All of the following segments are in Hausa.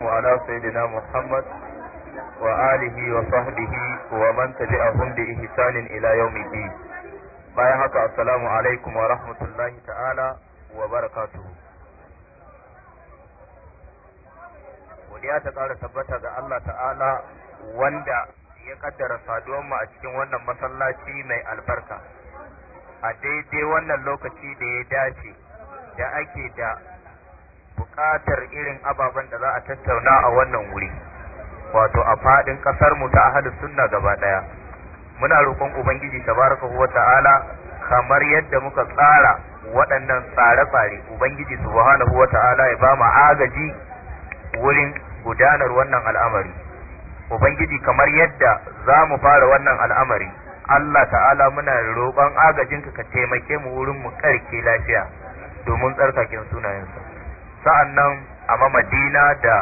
وعلى سيدنا محمد وآله وصحبه ومن تبعهم بإحسان إلى يوم الدين bayan haka assalamu alaikum wa rahmatullahi ta'ala wa barakatuhu ta ƙara tabbata ga Allah ta'ala wanda ya kaddara saduwanmu a cikin wannan masallaci mai albarka a daidai wannan lokaci da ya dace da ake da bukatar irin ababen da za a tattauna a wannan wuri wato a fadin ƙasar mu ta ahlus sunna gaba daya muna roƙon ubangiji tabaraka wa ta'ala kamar yadda muka tsara waɗannan tsare-tsare ubangiji subhanahu wa ta'ala ya ba mu agaji wurin gudanar wannan al'amari ubangiji kamar yadda za mu fara wannan al'amari Allah ta'ala muna roƙon agajinka ka taimake mu wurin mu ƙarke lafiya domin tsarkaken sunayensa sa'annan a madina da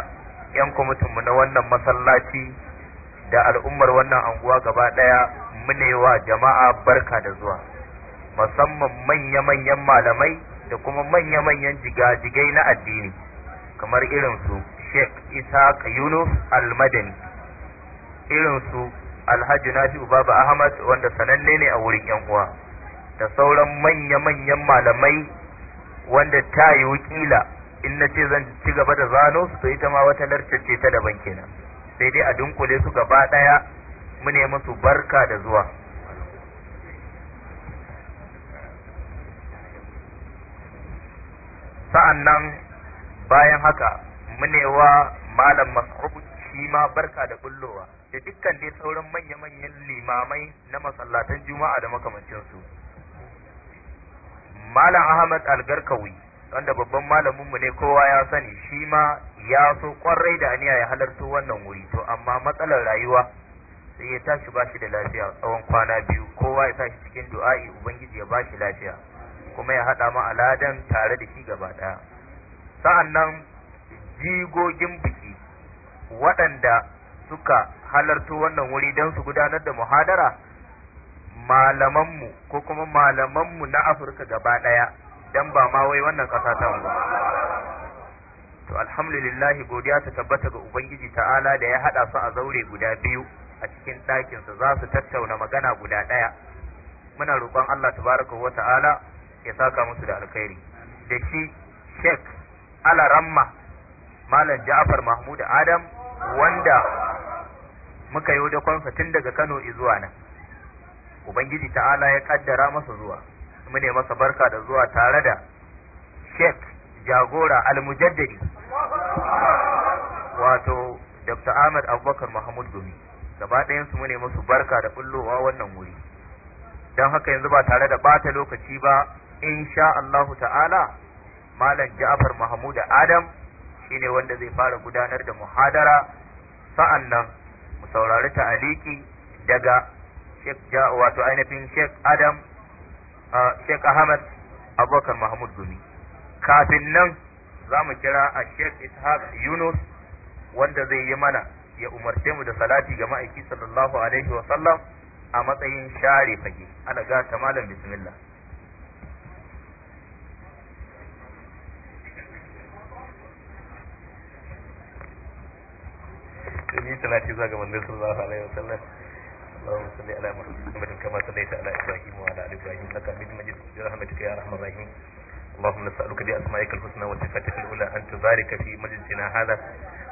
yan kwamitinmu na wannan masallaci da al'ummar wannan anguwa gaba ɗaya munewa jama'a barka da zuwa musamman manya-manyan malamai da kuma manya-manyan jigajigai na addini kamar irinsu sheikh isa yunus almadani irin irinsu alhaji nafi ubaba ahmad wanda sananne ne a wurin yan uwa da sauran manya-manyan malamai wanda ta yi wakila in na ce zan ci gaba da zano su to ita ma wata larce ta daban kenan sai dai a dunkule su gaba daya mu ne musu barka da zuwa sa'an nan bayan haka munewa malam masu shi ma barka da bullowa da dukkan dai sauran manya-manyan limamai na masallatan juma'a da makamancinsu malam ahmad algarkawi wanda babban malaminmu ne kowa ya sani shi ma ya so kwarai da aniya ya halarto wannan wuri to amma matsalar rayuwa sai ya tashi ba shi da lafiya tsawon kwana biyu kowa ya tashi cikin du'a'i ubangiji ya bashi lafiya kuma ya haɗa ma aladan tare da shi gaba ɗaya sa'an nan jigogin biki waɗanda suka halarto wannan wuri don su gudanar da muhadara malamanmu ko kuma malamanmu na afirka gaba ɗaya dan ba ma wai wannan kasa ta mu to alhamdulillah godiya ta tabbata ga ubangiji ta'ala da ya hada su a zaure guda biyu a cikin ɗakin su za su tattauna magana guda ɗaya muna roƙon Allah tabaraka wa ta'ala ya saka musu da alkhairi da shi Sheikh ramma Malam Ja'far Mahmud Adam wanda muka yi wajen tun daga Kano zuwa nan Ubangiji ta'ala ya kaddara masa zuwa mune masa barka da zuwa tare da Sheikh Jagora Al-Mujaddadi wato Dr. Ahmad Abubakar Mahmud Gumi gaba ɗayan su mune masu barka da bullowa wannan wuri don haka yanzu ba tare da bata lokaci ba insha Allahu ta'ala Malam Ja'far Mahmud Adam shine wanda zai fara gudanar da muhadara sa'an nan mu saurari ta'aliki daga Sheikh wato ainihin Sheikh Adam Sheikh Ahmad Abubakar Mahmud Gumi kafin nan za mu kira a Sheikh Ishaq Yunus wanda zai yi mana ya umarce mu da salati ga ma'aiki sallallahu alaihi wa sallam a matsayin share fage ana ga ta malam bismillah ni salati zuwa ga manzon sallallahu alaihi halayen sallam اللهم صل على محمد كما صليت على ابراهيم وعلى ال ابراهيم انك حميد مجيد برحمتك يا ارحم الراحمين اللهم نسألك بأسمائك الحسنى وصفاتك الأولى أن تبارك في مجلسنا هذا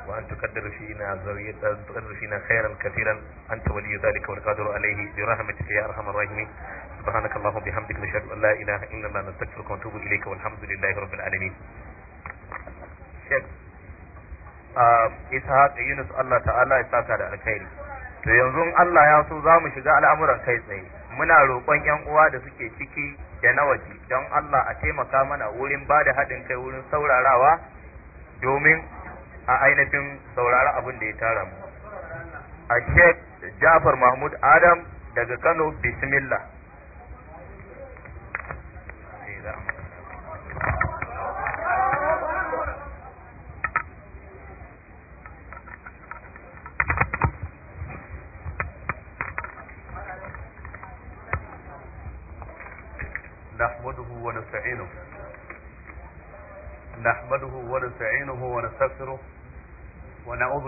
وأن تقدر فينا زوية تقدر فينا خيرا كثيرا أنت ولي ذلك والقادر عليه برحمتك يا أرحم الراحمين سبحانك اللهم وبحمدك نشهد أن لا إله إلا الله نستغفرك ونتوب إليك والحمد لله رب العالمين. Sheikh Ishaq Yunus Allah Ta'ala ya saka da alkhairi. to yanzu Allah ya so za mu shiga al'amuran kai tsaye muna roƙon yan uwa da suke ciki da na waje don Allah a taimaka mana wurin ba da haɗin kai wurin saurarawa domin a ainihin saurara abin da ya tara mu a Sheikh Jafar Mahmud Adam daga Kano bismillah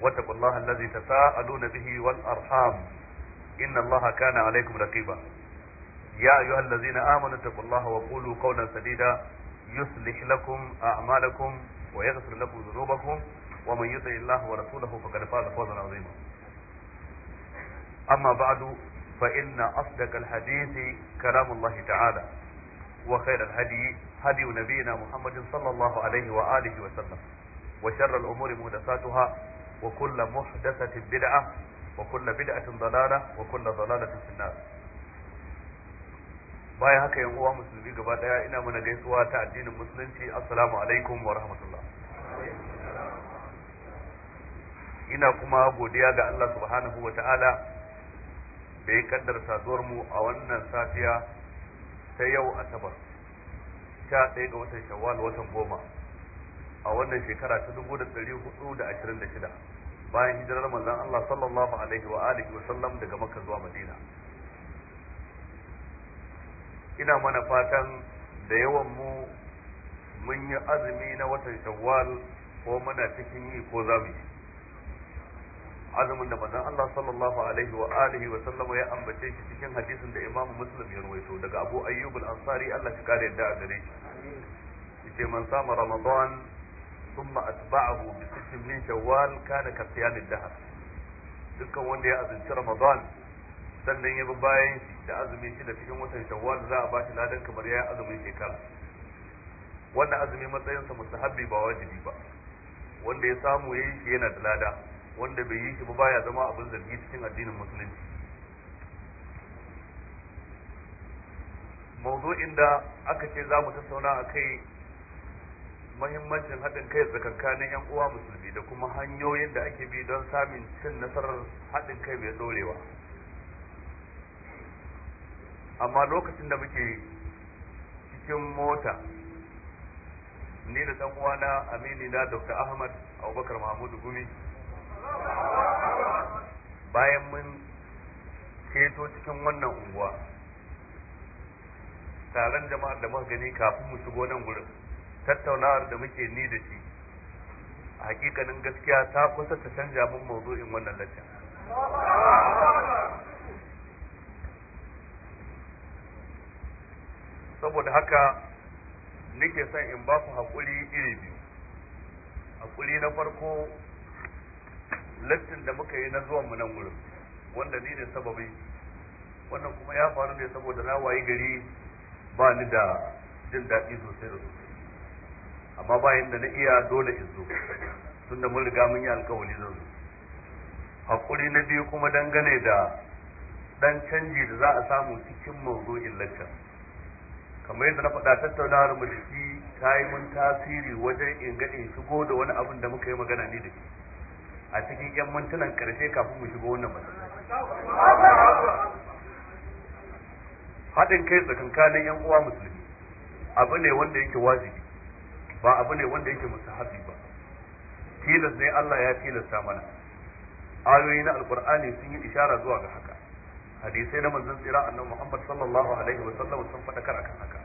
واتقوا الله الذي تساءلون به والأرحام إن الله كان عليكم رقيبا يا أيها الذين آمنوا اتقوا الله وقولوا قولا سديدا يصلح لكم أعمالكم ويغفر لكم ذنوبكم ومن يطع الله ورسوله فقد فاز فوزا عظيما أما بعد فإن أصدق الحديث كلام الله تعالى وخير الهدي هدي نبينا محمد صلى الله عليه وآله وسلم وشر الأمور محدثاتها وكل محدثة بدعة وكل بدعة ضلالة وكل ضلالة في النار baya haka yan uwa musulmi gaba daya ina mana gaisuwa ta addinin musulunci assalamu alaikum wa rahmatullah ina kuma godiya ga Allah subhanahu wa ta'ala da ya kaddar saduwar mu a wannan safiya ta yau asabar ta ɗaya ga watan shawwal watan goma a wannan shekara ta dubu da hudu da ashirin da shida bayan hijirar manzon Allah sallallahu alaihi wa alihi wa sallam daga Makka zuwa Madina ina mana fatan da yawan mu mun yi azumi na watan Shawwal ko muna cikin yi ko za mu yi azumin da manzon Allah sallallahu alaihi wa alihi wa sallam ya ambace shi cikin hadisin da Imam Muslim ya rawaito daga Abu Ayyub al-Ansari Allah ya kare a gare shi yace man sama Ramadan ثم أتبعه بست من شوال كان كصيام الدهر dukkan wanda ya azumci Ramadan sannan ya bi bayan shi da azumi shi da cikin watan Shawwal za a ba shi ladan kamar ya azumin shekara wannan azumi matsayinsa mustahabbi ba wajibi ba wanda ya samu yayi shi yana da lada wanda bai yi shi ba baya zama abin zargi cikin addinin musulunci mawdu'in da aka ce za mu tattauna a kai mahimmancin haɗin kai tsakankanin yan uwa musulmi da kuma hanyoyin da ake bi don samun cin nasarar haɗin kai mai ɗorewa amma lokacin da muke cikin mota ni da ɗan uwana amini na dr ahmad abubakar mahmudu gumi bayan mun keto cikin wannan unguwa taron jama'ar da muka gani kafin mu shigo nan gurin tattaunawar da muke ni da shi a hakikanin gaskiya ta kusa ta canja min mawuzo'in wannan lacca saboda haka nake son in ba ku haƙuri iri biyu haƙuri na farko lattin da muka yi na zuwan mu nan wurin wanda ni ne sababi wannan kuma ya faru ne saboda na wayi gari ba ni da jin daɗi sosai da sosai amma bayan da na iya dole in zo tunda mun riga mun yi alkawari zan zo hakuri na biyu kuma dangane da dan canji da za a samu cikin mawdu'in lacca kamar yadda na faɗa tattaunawar mu shi ta yi mun tasiri wajen in ga in shigo da wani abin da muka yi magana ni da shi a cikin yan mintunan karshe kafin mu shigo wannan matsala haɗin kai tsakankanin yan uwa musulmi abu ne wanda yake wajibi ba abu ne wanda yake hafi ba tilas ne Allah ya tilasta mana ayoyi na alkur'ani sun yi ishara zuwa ga haka hadisai na manzon tsira annabi Muhammad sallallahu alaihi wa sallam sun kar akan haka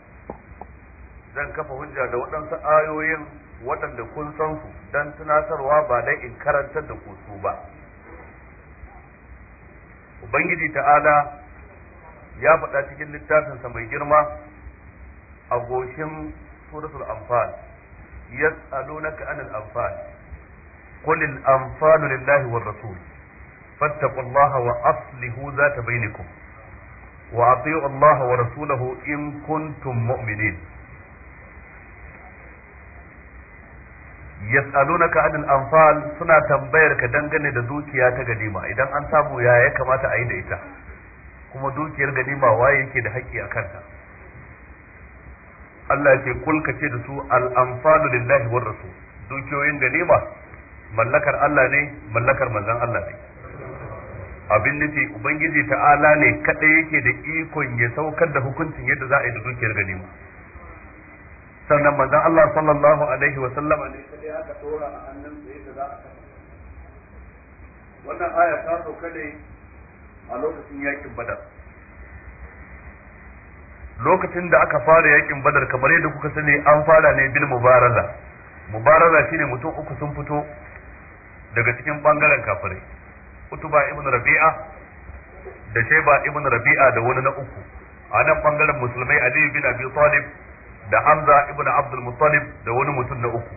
zan kafa hujja da waɗansu ayoyin waɗanda kun san su dan tunatarwa ba dai in karantar da ku su ba ubangiji ta'ala ya faɗa cikin littafinsa mai girma a goshin suratul anfal يسألونك عن الأنفال قل الأنفال لله lillahi فاتقوا الله fattaqullaha wa aslihu zata الله ورسوله إن Allah wa rasulahu mu'minin yas'alunaka anil anfal suna tambayar ka dangane da dukiya ta ganima idan an samu yaya ya kamata a yi da ita kuma dukiyar ganima waye yake da haƙƙi a kanta Allah ya ce kul ka ce da su al anfalu lillahi war rasul dukiyoyin ganima mallakar Allah ne mallakar manzon Allah ne abin nufi ubangiji ta'ala ne kadai yake da ikon ya saukar da hukuncin yadda za a yi da dukiyar ganima sannan manzon Allah sallallahu alaihi wa sallam ne kadai aka tora a hannun sai da za a kashe wannan aya ta sauka ne a lokacin yakin badar lokacin da aka fara yakin badar kamar yadda kuka sani an fara ne bil mubaraza mubaraza shine mutum uku sun fito daga cikin bangaren kafirai utuba ibn rabi'a da sheba ibn rabi'a da wani na uku a nan bangaren musulmai ali bin abi talib da hamza ibn abdul muttalib da wani mutum na uku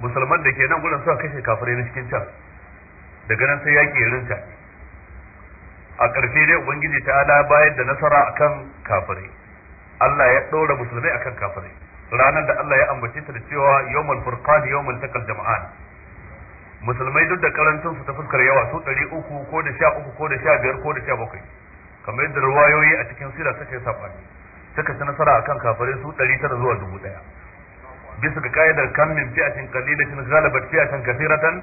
musulman da ke nan gurin suka kashe kafirai na cikin can daga nan sai yaki rinta a ƙarshe dai ubangiji ta ala bayar da nasara akan kafirai Allah ya ɗora musulmai akan kafirai ranar da Allah ya ambace ta da cewa yawmul furqan yawmul taqal jama'an musulmai duk da karantun su ta fuskar yawa su ɗari uku ko da sha uku ko da sha biyar ko da sha bakwai kamar yadda ruwayoyi a cikin sira suka yi sabani suka ci nasara akan kafirai su ɗari zuwa dubu ɗaya bisa ga ka'idar kan min fi'atin qalilatin ghalabat fi'atan kathiratan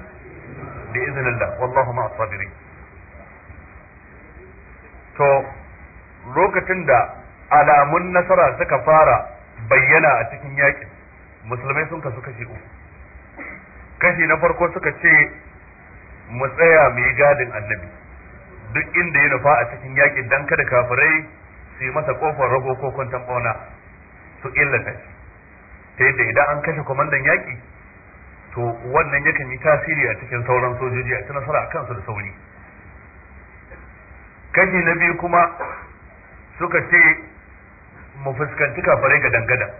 bi idhnillah wallahu ma'as sabirin to lokacin da alamun nasara suka fara bayyana a cikin yakin musulmai sun kasu kashi uku kashi na farko suka ce mu tsaya mu yi gadin annabi duk inda ya nufa a cikin yakin dan kada kafirai su yi masa kofar rago ko kwantan bauna su illata shi ta yadda idan an kashe kwamandan yaƙi, to wannan yakan yi tasiri a cikin sauran sojoji a ci nasara a kansu da sauri kashi na biyu kuma suka ce mu fuskanci kafarai ga dangada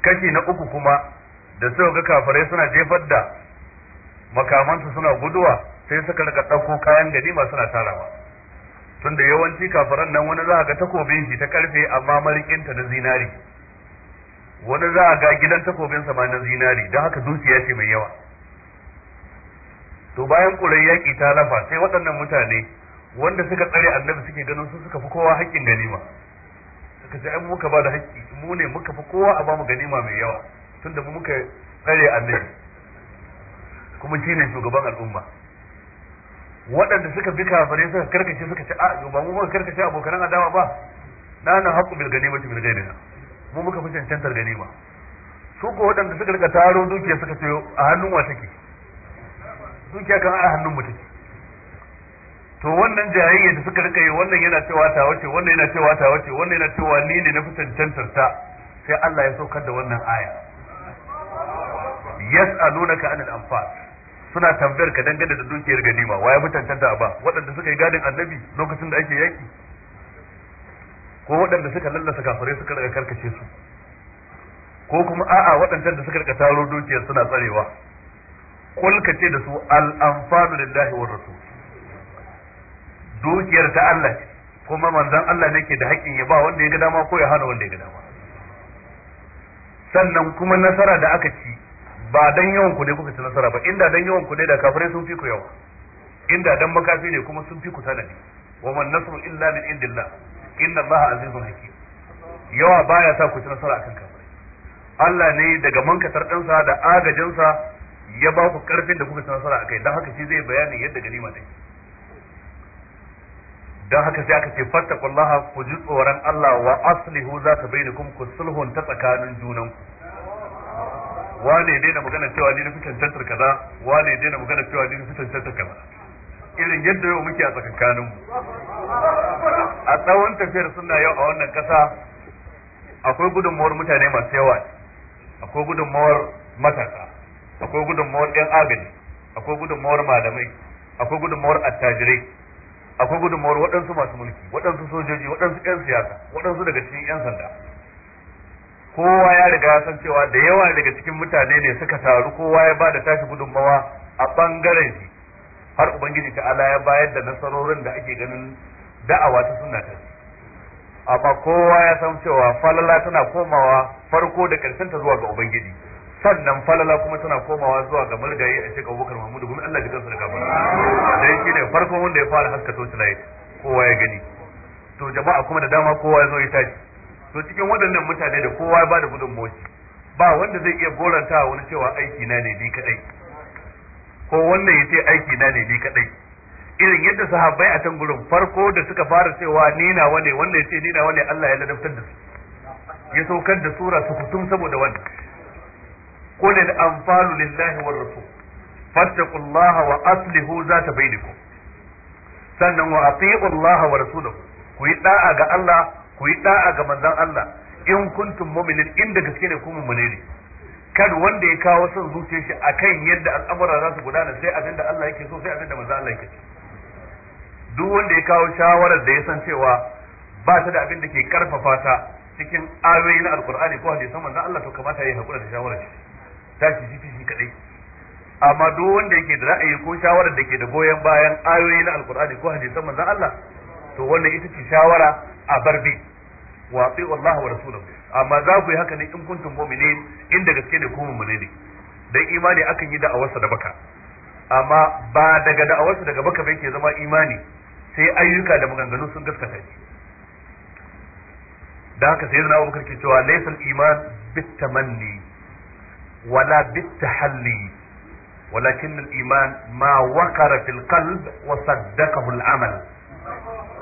kashi na uku kuma da suka ga kafarai suna jefar da makamansu suna guduwa sai suka rika ɗauko kayan ganima suna tarawa tunda yawanci kafaran nan wani za ga takobin shi ta karfe amma marikinta na zinari wani za ga gidan takobin ma na zinari don haka zuciya ce mai yawa to bayan ƙurai yaƙi ta lafa sai waɗannan mutane wanda suka tsare annabi suke ganin su suka fi kowa haƙƙin ganima suka ce an muka ba da haƙƙi mu ne muka fi kowa a bamu ganima mai yawa tunda mu muka tsare annabi kuma shi ne shugaban al'umma waɗanda suka bi kafare suka karkace suka ce a ba mu muka karkace abokan adawa ba na nan haƙƙu bil ganima bil ganima mu muka fi cancantar ganima su ko waɗanda suka rika taro dukiya suka ce a hannun wa take dukiya kan a hannun mu take to wannan jayayya da suka rika yi wannan yana cewa ta wace wannan yana cewa ta wace wannan yana cewa ni ne na fi cancantar ta sai Allah ya saukar da wannan aya yas'alunaka anil anfal suna tambayar ka dangane da dukiyar ganima waye fi cancanta ba waɗanda suka yi gadin annabi lokacin da ake yaki ko waɗanda suka lallasa kafirai suka rika karkace su ko kuma a'a waɗancan da suka rika taro dukiyar suna tsarewa kul ka ce da su al anfalu lillahi war rasul dukiyar ta Allah ce kuma manzon Allah ne ke da haƙƙin ya ba wanda ya ga dama ko ya hana wanda ya ga dama sannan kuma nasara da aka ci ba dan yawan ku ne kuka ci nasara ba inda dan yawan ku ne da kafirai sun fi ku yawa inda dan makafi ne kuma sun fi ku ne wa man nasru illa min indillah inna allaha azizun hakim yawa baya sa ku ci nasara akan kafirai Allah ne daga mankatar ɗansa da agajinsa ya ba ku karfin da kuka ci nasara akai dan haka shi zai bayani yadda ganima take don haka sai aka ce fattakullaha ku ji tsoron Allah wa aslihu za ta bai kuma ku sulhun ta tsakanin junan ku wane daina magana cewa ni nufi cancantar kaza wane daina magana cewa ni nufi cancantar kaza irin yadda yau muke a tsakankanin mu a tsawon tafiyar suna yau a wannan kasa akwai gudunmawar mutane masu yawa akwai gudunmawar matasa akwai gudunmawar yan agaji akwai gudunmawar malamai akwai gudunmawar attajirai akwai gudunmawar waɗansu masu mulki waɗansu sojoji waɗansu 'yan siyasa waɗansu daga cikin 'yan sanda kowa ya riga ya san cewa da yawa daga cikin mutane ne suka taru kowa ya ba da tashi gudunmawa a ɓangaren shi har ubangiji ta ala ya bayar da nasarorin da ake ganin da'awa ta suna ta amma kowa ya san cewa falala tana komawa farko da ƙarshen ta zuwa ga ubangiji sannan falala kuma tana komawa zuwa ga mulgayi a cikin Abubakar Mahmudu gumi Allah ya kansa da gaba dan shi ne farkon wanda ya fara haska to tilai kowa ya gani to jama'a kuma da dama kowa ya zo ya tashi to cikin waɗannan mutane da kowa ya bada gudunmawarsa ba wanda zai iya goranta wani cewa aiki na ne ni kadai ko wannan ya ce aiki na ne ni kadai irin yadda sahabbai a can gurin farko da suka fara cewa ni na wane wannan ya ce ni na wane Allah ya ladabtar da su ya saukar da sura su kutum saboda wannan قل الأنفال لله والرسول فاتقوا الله وأصلحوا ذات بينكم sannan wa ati'u Allah wa rasulahu ku yi da'a ga Allah ku yi da'a ga manzon Allah in kuntum mu'minin inda gaske ne kuma mu'mine ne kan wanda ya kawo son zuciyar shi akan yadda al'amura za su gudana sai abin da Allah yake so sai abin da manzon Allah yake duk wanda ya kawo shawarar da ya san cewa ba ta da abin da ke karfafa ta cikin ayoyi na alkur'ani ko hadisan manzon Allah to kamata ya hakura da shawarar shi tashi shi shi kadai amma duk wanda yake da ra'ayi ko shawarar da ke da goyon bayan ayoyi na alkur'ani ko hadisan manzon Allah to wannan ita ce shawara a barbi wa fi Allah wa rasulahu amma za ku yi haka ne in kuntum mu'minin in da gaske ne ku mu'mini ne dan imani akan yi da'awarsa da baka amma ba daga da'awarsa daga baka bai ke zama imani sai ayyuka da maganganu sun gaskata shi da haka sai zana abubakar ke cewa laysal iman bitamanni ولا بالتحلي ولكن الإيمان ما وقر في القلب وصدقه العمل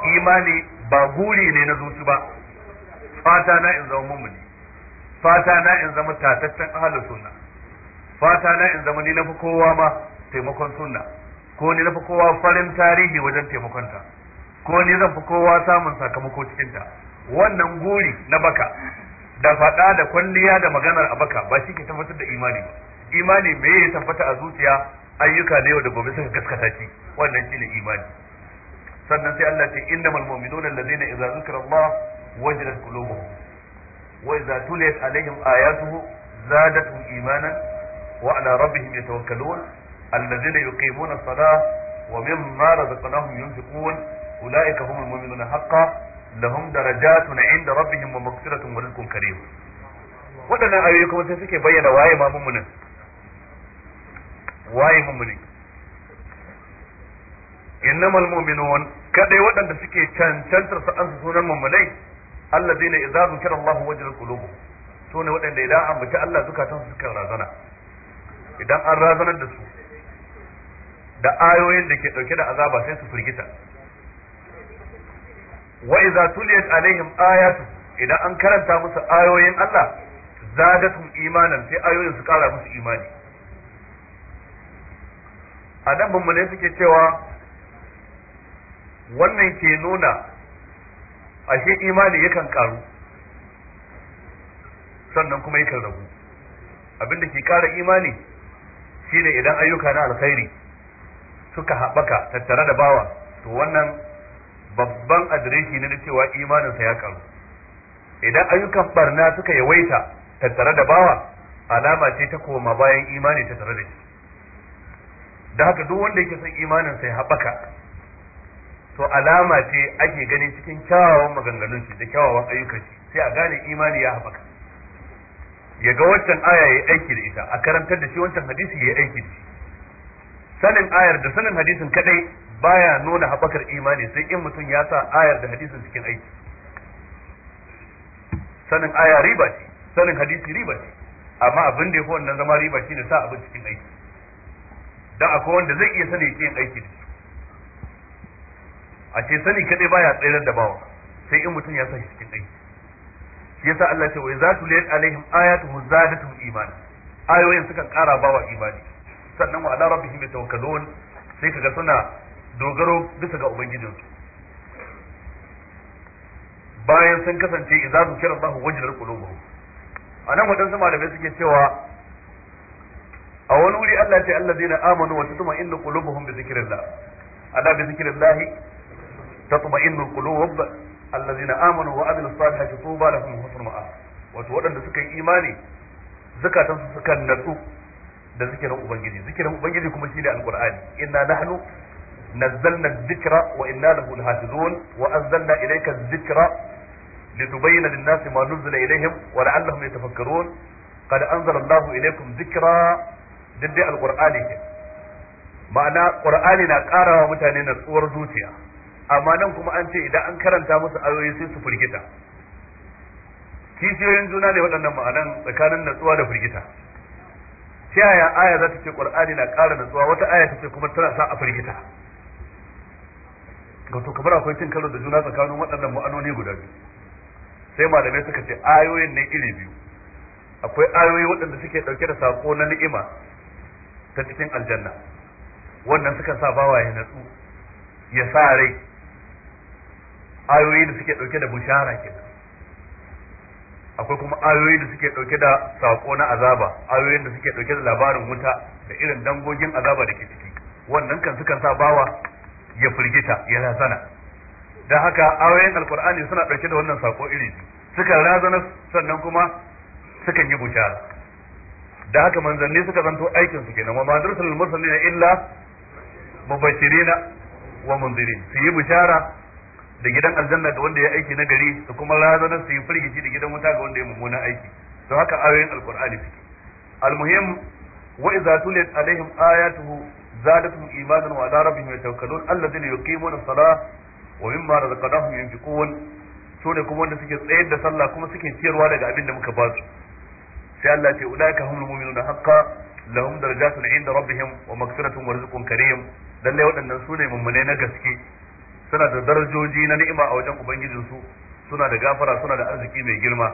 إيماني باغولي ne na zuci ba fata na in zama mumuni fata na in zama tataccen ahalin sunna fata na in zama ni na fi kowa ma taimakon sunna ko ni na fi kowa farin tarihi wajen taimakonta ko ni zan fi kowa samun sakamako cikinta wannan guri na baka da faɗa da kwalliya da maganar abaka ba shi ke tabbatar da imani ba imani me ya tabbata a zuciya ayyuka na yau da gobe suka gaskata shi wannan shine imani sannan sai Allah ce innamal mu'minuna allazina idza zukira wajadat qulubuhum wa idza tuliyat alaihim ayatuhu zadatuhum imanan wa ala rabbihim yatawakkalun allazina yuqimuna as-salata wa mimma razaqnahum yunfiqun ulaika humul mu'minuna haqqan lahum darajatun inda rabbihim wa maghfiratun wa rizqun karim waɗannan ayoyi kuma sai suke bayyana waye ma mummunin waye mummunin innamal mu'minun kadai waɗanda suke cancantar su an sunan mamunai allazina idza zukira Allahu wajilat qulubuhum ne waɗanda idan an bace Allah su suka razana idan an razanar da su da ayoyin da ke dauke da azaba sai su firgita wa idza tuliyat alaihim ayatu idan an karanta musu ayoyin Allah zadatum imanan sai ayoyin su kara musu imani anan mun ne suke cewa wannan ke nuna shi imani yakan karu sannan kuma yakan ragu abinda ke kara imani shine idan ayyuka na alkhairi suka haɓaka tattare da bawa to wannan babban adireshi ne na cewa imaninsa ya karu idan ayyukan barna suka yawaita tattare da bawa alama ce ta koma bayan imani ta tare da shi da haka duk wanda yake son imaninsa ya haɓaka to alama ce ake gani cikin kyawawan maganganun shi da kyawawan ayyukan shi sai a gane imani ya haɓaka ya ga wancan aya ya aiki da ita a karantar da shi wancan hadisi ya aiki da shi sanin ayar da sanin hadisin kadai baya nuna haɓakar imani sai in mutum ya sa ayar da hadisin cikin aiki sanin aya riba ce sanin hadisi riba ce amma abin da ya fi wannan zama riba shi ne sa abin cikin aiki dan akwai wanda zai iya sani cikin aiki da a ce sani kaɗai baya tsayar da bawa sai in mutum ya sa shi cikin aiki shi yasa Allah ya wai za su lil alaihim ayatuhu zadatu imani ayoyin sukan kara bawa imani sannan wa ala rabbihim yatawakkalun sai kaga suna dogaro bisa ga ubangijinsu bayan sun kasance idza zukira Allahu wajilar qulubuhum anan wadansu malamai suke cewa a wani wuri Allah ce Allah allazina amanu wa tatma'innu qulubuhum bi zikrillah ala bi zikrillah tatma'innu Allah zina amanu wa to ba tuba lahum husnul ma'a wato waɗanda suka yi imani zakatan su suka natsu da zikirin ubangiji zikirin ubangiji kuma shine alqur'ani inna nahnu نزلنا الذكر وإنا له لحافظون وأنزلنا إليك الذكر لتبين للناس ما نزل إليهم ولعلهم يتفكرون قد أنزل الله إليكم ذكرا ضد القرآن ma'ana qur'ani na karawa mutane natsuwar zuciya amma nan kuma an ce idan an karanta musu ayoyi sai su firgita kishiyoyin juna ne waɗannan ma'anan tsakanin natsuwa da firgita ta yaya aya za ce qur'ani na ƙara natsuwa wata aya ta ce kuma tana sa a firgita wato kamar akwai cin karo da juna tsakanin waɗannan ma'anoni guda biyu sai malamai suka ce ayoyin ne iri biyu akwai ayoyi waɗanda suke ɗauke da sako na ni'ima ta cikin aljanna wannan suka sa bawa ya natsu ya sa rai ayoyi da suke ɗauke da bushara kenan akwai kuma ayoyi da suke ɗauke da sako na azaba ayoyin da suke ɗauke da labarin wuta da irin dangogin azaba da ke ciki wannan kan sukan sa bawa ya firgita ya razana da haka ayoyin alkur'ani suna ɗauke da wannan sako iri suka razana sannan kuma sukan yi bushara da haka manzanni suka zanto aikin su kenan wa ma darsul mursalina illa mubashirina wa munzirin su yi bushara da gidan aljanna ga wanda ya aiki na gari da kuma razana su yi firgici da gidan wuta ga wanda ya mummuna aiki don haka ayoyin alkur'ani suke almuhim wa idza tuliyat alaihim ayatuhu زادتهم إيمانا وعلى ربهم يتوكلون الذين يقيمون الصلاة ومما رزقناهم ينفقون sune kuma wanda suke tsayar da sallah kuma suke ciyarwa daga abin da muka basu sai Allah ce ulaika humul mu'minuna haqqan lahum darajatun 'inda rabbihim wa maghfiratun wa rizqun karim lalle waɗannan sune mummune na gaske suna da darajoji na ni'ima a wajen ubangijin su suna da gafara suna da arziki mai girma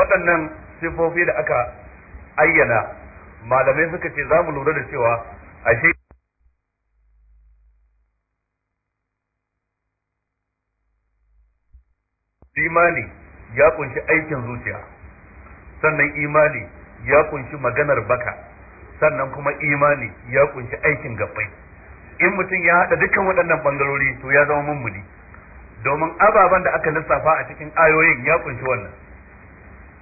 waɗannan sifofi da aka ayyana malamai suka ce za mu lura da cewa ashe imani ya kunshi aikin zuciya sannan imani ya kunshi maganar baka sannan kuma imani ya kunshi aikin gabbai in mutum ya haɗa dukkan waɗannan bangarori to ya zama mummuni domin ababen da aka lissafa a cikin ayoyin ya kunshi wannan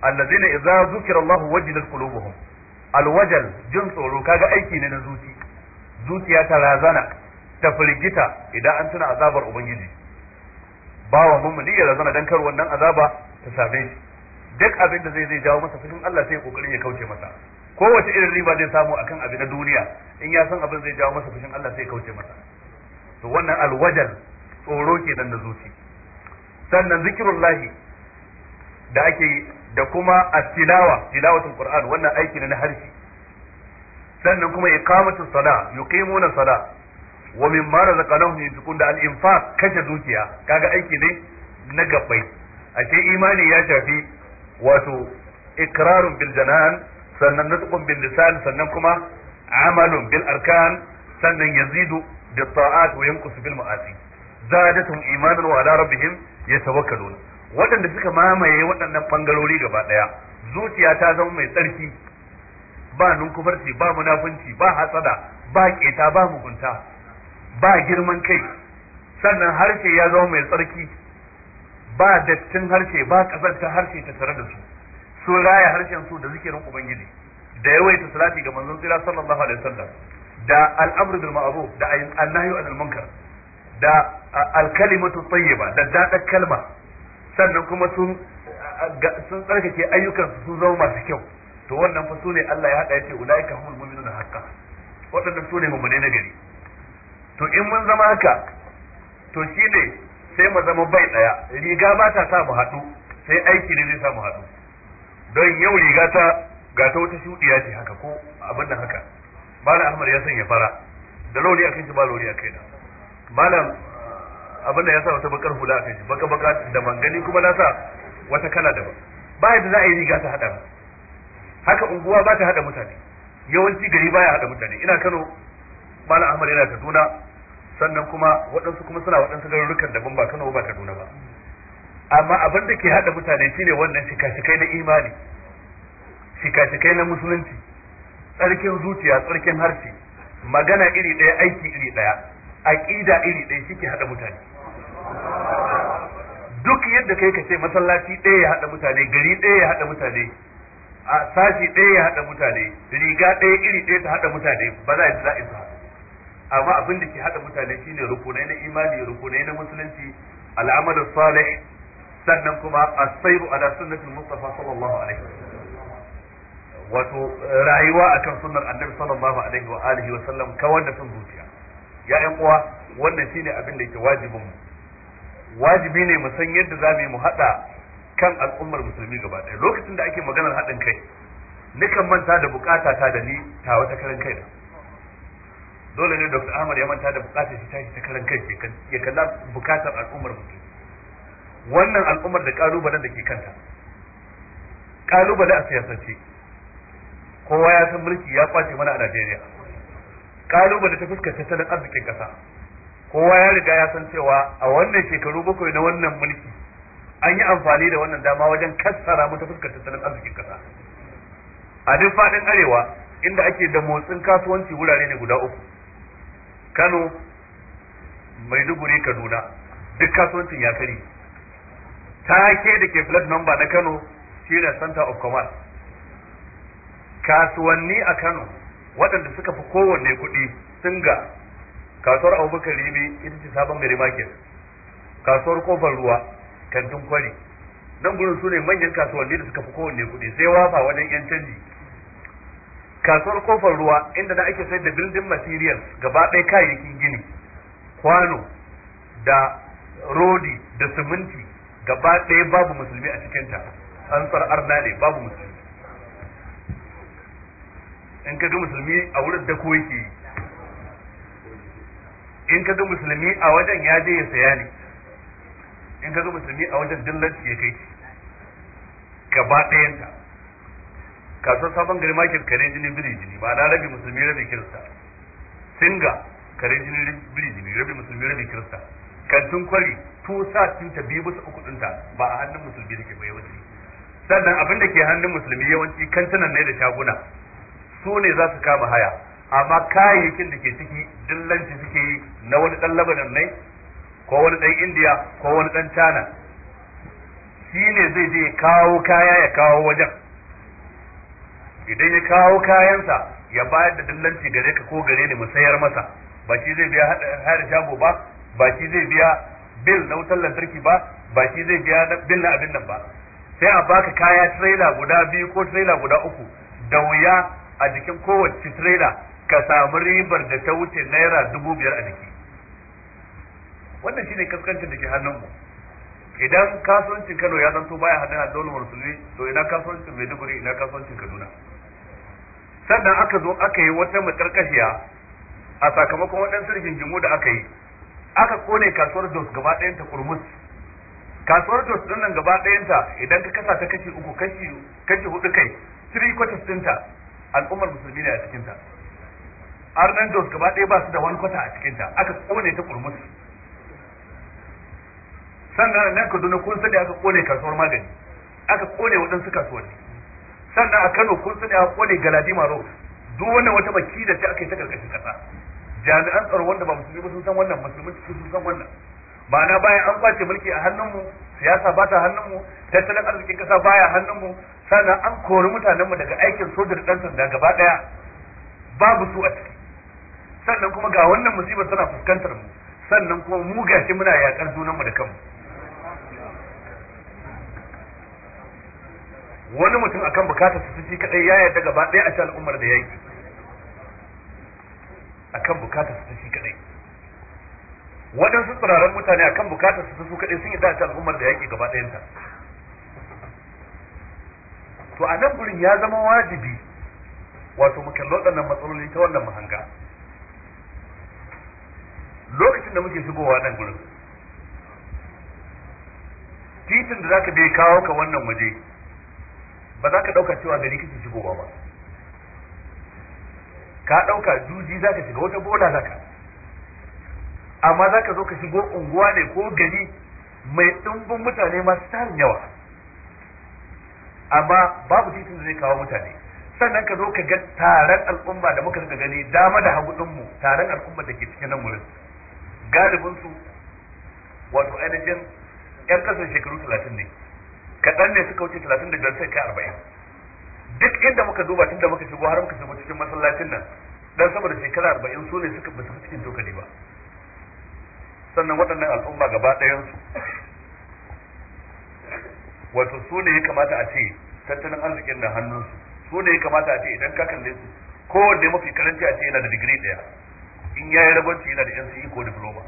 allazina idza zukira Allahu wajilat qulubuhum alwajal jin tsoro kaga aiki ne na zuci zuciya ta razana ta firgita idan an tuna azabar ubangiji bawa mummuni ya razana dan kar wannan azaba ta same shi duk abin da zai zai jawo masa fushin Allah sai kokarin ya kauce masa kowace irin riba zai samu akan abin na duniya in ya san abin zai jawo masa fushin Allah sai kauce masa to wannan alwajal tsoro ke dan na zuci sannan zikirullahi da ake da kuma at-tilawa tilawatul qur'an wannan aiki ne na harshe sannan kuma iqamatu sala yuqimuna sala wa mimma razaqnahum yunfiqun da al-infaq kaje dukiya kaga aiki ne na gabbai ce imani ya shafi wato iqrarun bil janan sannan nutqun bil lisan sannan kuma amalun bil arkan sannan yazidu bil ta'at wa yanqusu bil ma'asi zadatuhum imanan wa ala rabbihim yatawakkalun waɗanda suka mamaye waɗannan bangarori gaba daya zuciya ta zama mai tsarki ba kufarci ba munafunci ba hatsada ba keta ba mugunta ba girman kai sannan harshe ya zama mai tsarki ba dattin harshe ba ta harshe ta tare da su sun raya harshen su da zikirin ubangiji da yawaita salati ga manzon tsira sallallahu alaihi wasallam da al'amru bil ma'ruf da annahyu anil munkar da al-kalimatu tayyiba da dadar kalma sannan kuma sun sun tsarkake ayyukan su zama masu kyau to wannan fa sune Allah ya hada yace ulaika humul mu'minuna haqqan wadannan sune mu'mine na gari to in mun zama haka to shine sai mu zama bai daya riga ba ta sa mu haɗu sai aiki ne zai sa mu haɗu don yau riga ta ga ta wata shuɗiya ce haka ko abin da haka malam ahmad ya sanya fara da lauri akan shi ba lauri kai da malam abin da ya sa wata bakar hula akan shi baka baka da mangani kuma na sa wata kala daban ba yadda za a yi riga ta haɗa haka unguwa ba ta hada mutane yawanci gari baya hada mutane ina Kano Malam Ahmad yana Kaduna sannan kuma waɗansu kuma suna waɗansu garurukan daban ba Kano ba Kaduna ba amma abin da ke hada mutane shine wannan shikashikai na imani shika-shikai na musulunci tsarkin zuciya tsarkin harshe magana iri ɗaya aiki iri ɗaya aƙida iri ɗaya shi ke hada mutane duk yadda kai ka ce masallaci ɗaya ya haɗa mutane gari ɗaya ya haɗa mutane a sashi ɗaya ya haɗa mutane riga ɗaya iri ɗaya ta haɗa mutane ba za a yi za'in ba. amma abin da ke haɗa mutane shi ne rukunai na imani rukunai na musulunci al'amalu salih sannan kuma as-sayru ala sunnatul mustafa sallallahu alaihi wato rayuwa akan sunnar annabi sallallahu alaihi wa alihi wa sallam ka wanda sun zuciya ya ƴan uwa wannan shine abin da yake wajibin wajibi ne mu san yadda za mu yi mu haɗa kan al'ummar musulmi gaba ɗaya lokacin da ake maganar haɗin kai nukan manta da bukata ta da ni ta wata karan kai da dole ne dr ahmad ya manta da bukatar shi shi ta karan kai ya kalla bukatar al'ummar musulmi wannan al'ummar da kalubalen da ke kanta kalubale a siyasance kowa ya san mulki ya kwace mana a najeriya kalubale ta fuskar tattalin arzikin kasa kowa ya riga ya san cewa a wannan shekaru bakwai na wannan mulki an yi amfani da wannan dama wajen kassara mata ta fuskar tattalin arzikin kasa a duk faɗin arewa inda ake da motsin kasuwanci wurare ne guda uku kano mai maiduguri kaduna duk kasuwancin ya kari take da ke flat number na kano shine center of command kasuwanni a kano waɗanda suka fi kowanne kuɗi sun ga kasuwar abubakar ribi ita ce sabon gari market kasuwar kofar ruwa kantin kwari nan gurin su ne manyan kasuwanni da suka fi kowanne kuɗi sai wafa wajen yan canji kasuwar kofar ruwa inda na ake sayar da building materials gaba ɗaya kayayyakin gini kwano da rodi da siminti gaba ɗaya babu musulmi a cikinta an tsar arna ne babu musulmi in ka ga musulmi a wurin da ko yake in ka ga musulmi a wajen ya je ya saya ne in ka ga musulmi a wajen dillanci ya kai gaba ɗayan ta kasuwar sabon gari makin kare jini biri jini ba na rabi musulmi rabi kirista singa kare jini biri jini rabi musulmi rabi kirista kantun kwari to sa ta biyu bisa uku ɗinta ba a hannun musulmi da ke ba yawanci sannan abin da ke hannun musulmi yawanci kantunan ne da shaguna su ne za su kama haya amma kayayyakin da ke ciki dillanci suke yi na wani ɗan labarin ne ko wani dan indiya ko wani ɗan china shi ne zai je kawo kaya ya kawo wajen idan ya kawo kayansa ya bayar da dillanci gare ka ko gare ni mu sayar masa ba shi zai biya hada shago ba ba zai biya bil na wutar lantarki ba ba shi zai biya bil na abin nan ba sai a baka kaya trailer guda biyu ko trailer guda uku da wuya a jikin kowace trailer ka samu ribar da ta wuce naira dubu biyar a jiki wannan shine kaskancin da ke mu idan kasuwancin Kano ya zanto baya hannun Abdul Musulmi to ina kasuwancin Maiduguri ina kasuwancin Kaduna sannan aka zo aka yi wata matsarkashiya a sakamakon waɗansu rigingimu da aka yi aka kone kasuwar Jos gaba ɗayan ta kurmus kasuwar Jos din nan gaba ɗayan ta idan ka kasa ta kashi uku kashi kashi hudu kai three quarters din ta al'ummar musulmi ne a cikin ta nan Jos gaba ɗaya ba su da wani kwata a cikin ta aka kone ta kurmus sannan nan Kaduna kun sani aka kone kasuwar magani aka kone waɗansu kasuwanni sannan a Kano kun sani aka kone Galadima Road duk wannan wata baki da ta aka yi ta karkashin kasa jami'an tsaro wanda ba musulmi ba sun san wannan musulmi sun san wannan ma'ana bayan an kwace mulki a hannunmu siyasa ba ta hannunmu tattalin arzikin kasa baya hannunmu sannan an kori mutanenmu daga aikin sojar ɗan sanda gaba ɗaya babu su a ciki sannan kuma ga wannan musibar tana fuskantar mu sannan kuma mu gashi muna yaƙar junanmu da kanmu wani mutum akan bukatar su shi kadai ya yarda gaba ɗaya a cikin al'ummar da yayi akan bukatar su shi kadai waɗansu tsiraran mutane akan bukatar su su kadai sun yarda a ci al'ummar da yake gaba ta to a nan gurin ya zama wajibi wato mu kalli waɗannan matsaloli ta wannan mahanga lokacin da muke shigowa nan gurin titin da zaka bai kawo ka wannan waje ba za ka ɗauka cewa gari kake shigowa ba ka ɗauka juji za ka shiga wata bola za ka amma za ka zo ka shigo unguwa ne ko gari mai ɗumbin mutane masu tarin yawa amma babu titin da zai kawo mutane sannan ka zo ka ga taron al'umma da muka gani dama da hagu ɗinmu taron al'umma da ke cikin nan wurin galibinsu wato ainihin 'yan kasar shekaru talatin ne kaɗan ne suka wuce talatin da sai kai arba'in duk inda muka duba tun da muka shigo har muka shigo cikin masallacin nan dan saboda shekara arba'in su ne suka basu cikin tokali ba sannan waɗannan al'umma gaba ɗayansu wato su ne ya kamata a ce tattalin arzikin na hannunsu su ne ya kamata a ce idan ka kalle su kowanne mafi karanci a ce yana da digiri ɗaya in ya yi rabanci yana da yan e ko diploma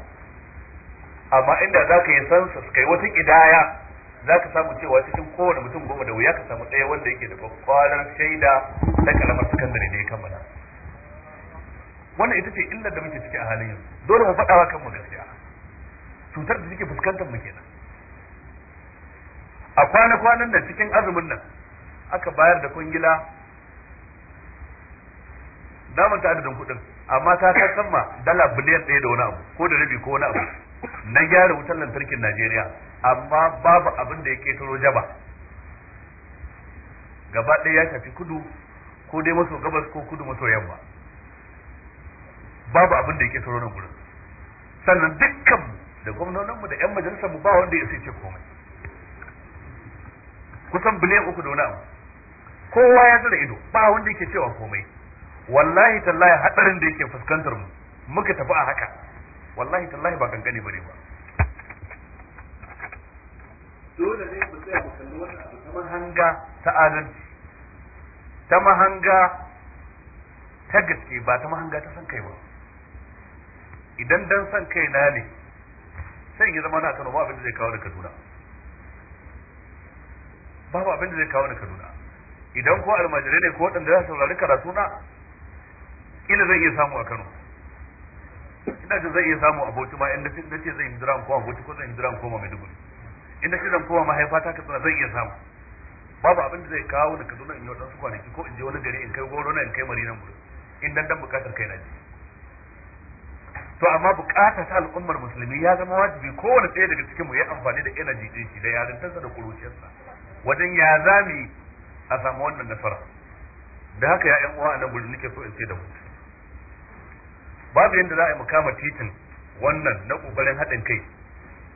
amma inda za ka yi sansa ka yi wata ƙidaya za ka samu cewa cikin kowane mutum goma da wuya ka samu ɗaya wanda yake da kwakwalar shaida na kalamar sakandare da ya kammala wannan ita ce illar da muke ciki a halin yanzu dole mu faɗawa kanmu gaskiya cutar da take fuskantar mu kenan a kwana-kwanan da cikin azumin nan aka bayar da kungila damar ta adadin kuɗin amma ta ta sama dala biliyan ɗaya da wani abu ko da rabi ko wani abu na gyara wutar lantarkin najeriya amma babu abin da ya ketaro jaba gaba ɗaya ya shafi kudu ko dai maso gabas ko kudu maso yamma babu abin da ya ketaro na gurin sannan dukkan da gwamnoninmu da 'yan majalisarmu ba wanda ya sai ce komai kusan biliyan uku da wani abu kowa ya zara ido ba wanda yake cewa komai wallahi tallahi hadarin da yake fuskantar mu muka tafi a haka wallahi tallahi ba gangane bane ba dole ne mu tsaya mu kalli wannan abu ta mahanga ta adalci ta mahanga ta gaske ba ta mahanga ta san kai ba idan dan san kai na ne sai ya zama na Kano ba abin da zai kawo da Kaduna babu abin da zai kawo da Kaduna idan ko almajirai ne ko waɗanda za su saurari karatu na ina zai iya samu a Kano ina ce zai iya samu aboki ma inda ce zai hijira ko aboki ko zai yi hijira ko ma Maiduguri inda shi zan kowa mahaifata ka tsara zan iya samu babu abin da zai kawo da ka zo in yi wadansu kwanaki ko in je wani gari in kai goro na in kai mari nan gudu in dan dan bukatar kai na ji to amma bukatar ta al'ummar musulmi ya zama wajibi kowane tsaye daga cikin mu ya amfani da energy din shi da yarintarsa da kuruciyarsa wajen ya zami a samu wannan nasara da haka ya yan uwa a nan gudu nake so in ce da mu babu yadda za a yi mu titin wannan na kokarin haɗin kai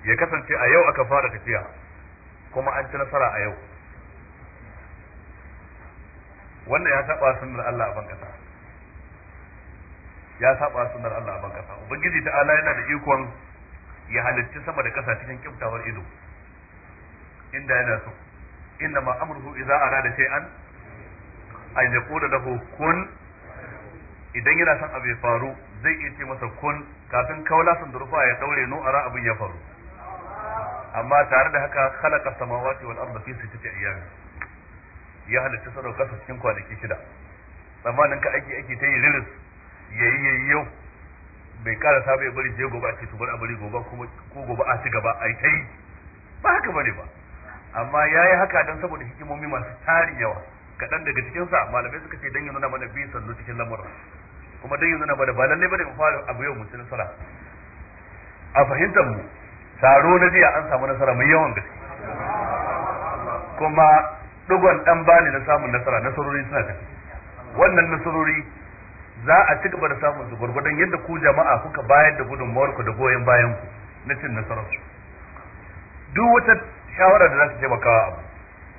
ya kasance a yau aka fara tafiya kuma an ci nasara a yau wannan ya saba sunnar Allah a ban kasa ya saba sunnar Allah a ban kasa ubangiji ta ala yana da ikon ya halitta sama da kasa cikin kyautawar ido inda yana so Inda ma za idza arada shay'an an yaqula lahu kun idan yana son abu ya faru zai iya ce masa kun kafin kaula sun durfa ya daure no ara abin ya faru amma tare da haka khalaqa samawati wal ardi fi sittati ayyam ya halitta sarau kasa cikin kwanaki shida tsammanin ka aiki aiki ta yi riris yayi yayi yau bai kara sabai bari je gobe a ce to bari a bari gobe kuma ko gobe a ci gaba ai tai ba haka bane ba amma yayi haka dan saboda hikimomi masu tarin yawa kaɗan daga cikin sa malamai suka ce dan yanzu na mana bi sannu cikin lamarin kuma dan yanzu na mana ba lalle bane mu fara abu yau mu ci nasara a fahimtar mu taro na jiya an samu nasara mai yawan gaske kuma dugon dan bani na samun nasara nasarori suna tafi wannan nasarori za a ci gaba da samun su gwargwadon yadda ku jama'a kuka bayar da gudunmawar ku da goyon bayan ku na cin nasarar su duk wata shawara da za ta taimakawa abu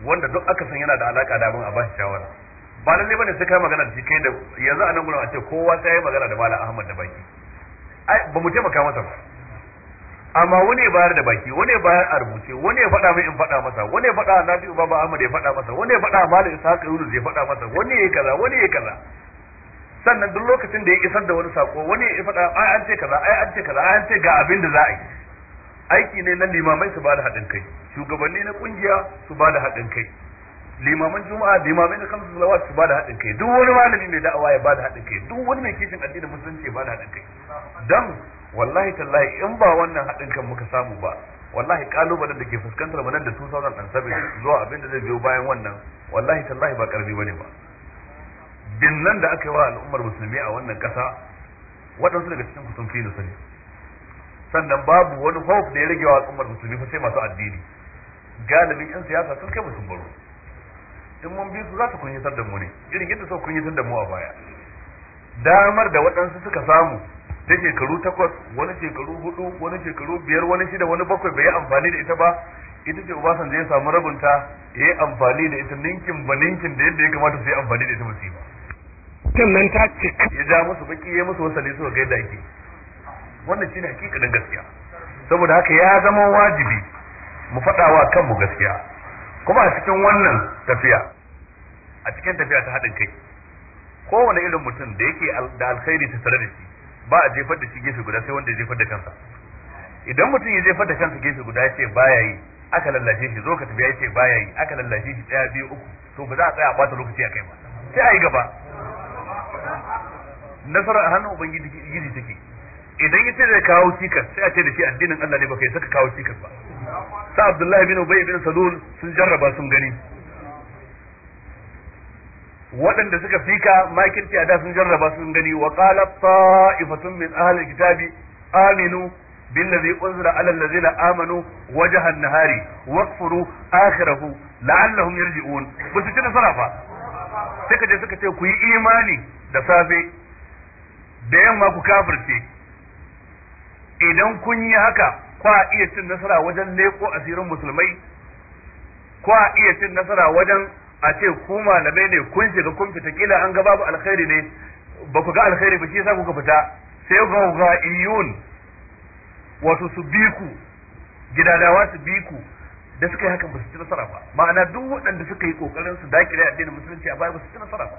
wanda duk aka san yana da alaka da abin a ba shi shawara ba lalle bane sai kai magana da shi kai da yanzu a nan gurin a ce kowa sai yi magana da malam Ahmad da baki ai ba mu taimaka masa ba amma wani ya bayar da baki wani ya bayar a rubuce wani ya faɗa mai in faɗa masa wani ya faɗa a nafi uba ba amma ya faɗa masa wani ya faɗa a malin isa haka yunus ya faɗa masa wani ya yi kaza wani ya yi kaza sannan duk lokacin da ya isar da wani sako wani ya faɗa ai an ce kaza ai an ce kaza ai an ce ga abin da za a yi aiki ne na limamai su bada haɗin kai shugabanni na kungiya su bada haɗin kai limaman juma'a limamai na kamsu salawat su bada haɗin kai duk wani malami mai da'awa ya bada haɗin kai duk wani mai kishin addinin musulunci ya bada haɗin kai dan wallahi tallahi in ba wannan haɗin kan muka samu ba wallahi kalubalen da ke fuskantar mu nan da 2007 zuwa abin da zai biyo bayan wannan wallahi tallahi ba karbi bane ba nan da aka yi wa al'ummar musulmi a wannan ƙasa waɗansu daga cikin sun fi sani sannan babu wani hope da ya rage wa al'ummar musulmi fa sai masu addini galibin yan siyasa sun kai musu baro in mun bi su za su kunyatar da mu ne irin yadda suka kunyatar da mu a baya damar da waɗansu suka samu ta shekaru takwas wani shekaru hudu wani shekaru biyar wani shida wani bakwai bai yi amfani da ita ba ita ce obasanjo ya samu rabinta ya yi amfani da ita ninkin ba ninkin da yadda ya kamata su yi amfani da ita ba su yi ta ya ja musu baki ya musu wasali suka ga yadda ake wannan shine hakikanin gaskiya saboda haka ya zama wajibi mu faɗa kanmu gaskiya kuma a cikin wannan tafiya a cikin tafiya ta haɗin kai kowane irin mutum da yake da alkhairi ta tare da shi ba a jefar da shi gefe guda sai wanda ya jefar da kansa idan mutum ya jefar da kansa gefe guda ya ce baya yi aka lallashe shi zo ka tafi ya ce baya yi aka lallashe shi daya biyu uku to ba za a tsaya a bata lokaci a kai ba sai a yi gaba nasara a hannun ubangiji gidi take idan ya ce zai kawo cikas sai a ce da shi addinin Allah ne ba kai saka kawo cikas ba sa Abdullahi bin Ubay bin Salul sun jarraba sun gani waɗanda suka fika makirci a da sun jarraba sun gani wa qala ta'ifatun min ahli kitabi aminu unzila ala على amanu wajha an-nahari waqfuru akhirahu la'allahum yarji'un bisu كده sarafa suka je suka ce ku yi imani da safe da yamma ku kafirce idan kun yi haka a iya cin nasara wajen leko asirin musulmai a iya cin nasara wajen a ce ku malamai ne kun shiga kun fita kila an ga babu alkhairi ne ba ku ga alkhairi ba shi yasa kuka fita sai ga ga iyun wato su biku gidadawa su biku da suka yi hakan ba su ci nasara ba ma'ana duk waɗanda suka yi kokarin su dakile addinin musulunci a baya ba su ci nasara ba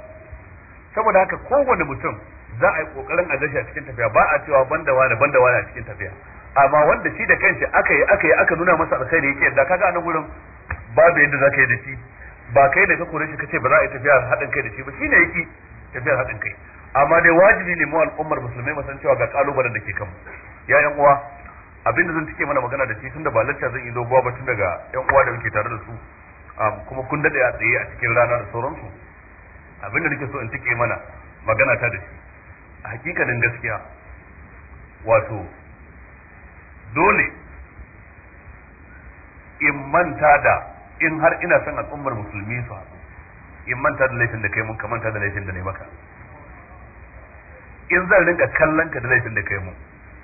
saboda haka kowane mutum za a yi kokarin a gashi a cikin tafiya ba a cewa banda wani banda wani a cikin tafiya amma wanda shi da kanshi aka yi aka yi aka nuna masa alkhairi yake da kaga a nan gurin babu yadda zaka yi da shi ba kai da ka kore shi kace ba za a yi tafiyar haɗin kai da shi ba shine yake tafiyar haɗin kai amma dai wajibi ne mu al'ummar musulmai mu san cewa ga kalubalen da ke kanmu ya yan uwa abinda zan cike mana magana da shi tunda ba lacca zan yi doguwa ba tun daga yan uwa da muke tare da su kuma kun dade a tsaye a cikin rana da sauransu abinda nake so in cike mana magana ta da shi a hakikanin gaskiya wato dole in manta da in har ina son al'ummar musulmi su haɗu in manta da laifin da kai mun ka manta da laifin da ne maka in zan rinka kallon ka da laifin da kai mun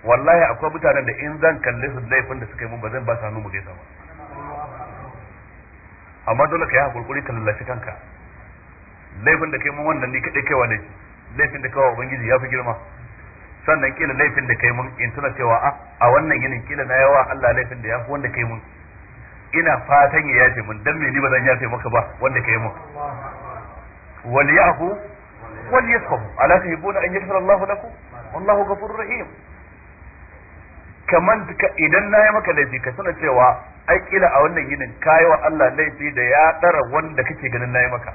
wallahi akwai mutanen da in zan kalle su laifin da suka yi mun ba zan ba su hannu mu gaisa ba amma dole ka yi hakurkuri ka lallashi kanka laifin da kai mun wannan ni kaɗai kaiwa ne laifin da kaiwa ubangiji ya fi girma sannan kila laifin da kai mun in tuna cewa ah, a wannan yinin kila na yawa Allah laifin da ya fi wanda kai mun ina fatan ya yafe mun dan me ni ba zan yafe maka ba wanda kai mu wal yahu wal yasfahu ala tahibuna an yaghfira Allahu lakum wallahu ghafurur rahim kaman idan na yi maka laifi ka sanar cewa ai kila a wannan yinin kai wa Allah laifi da ya dara wanda kake ganin na yi maka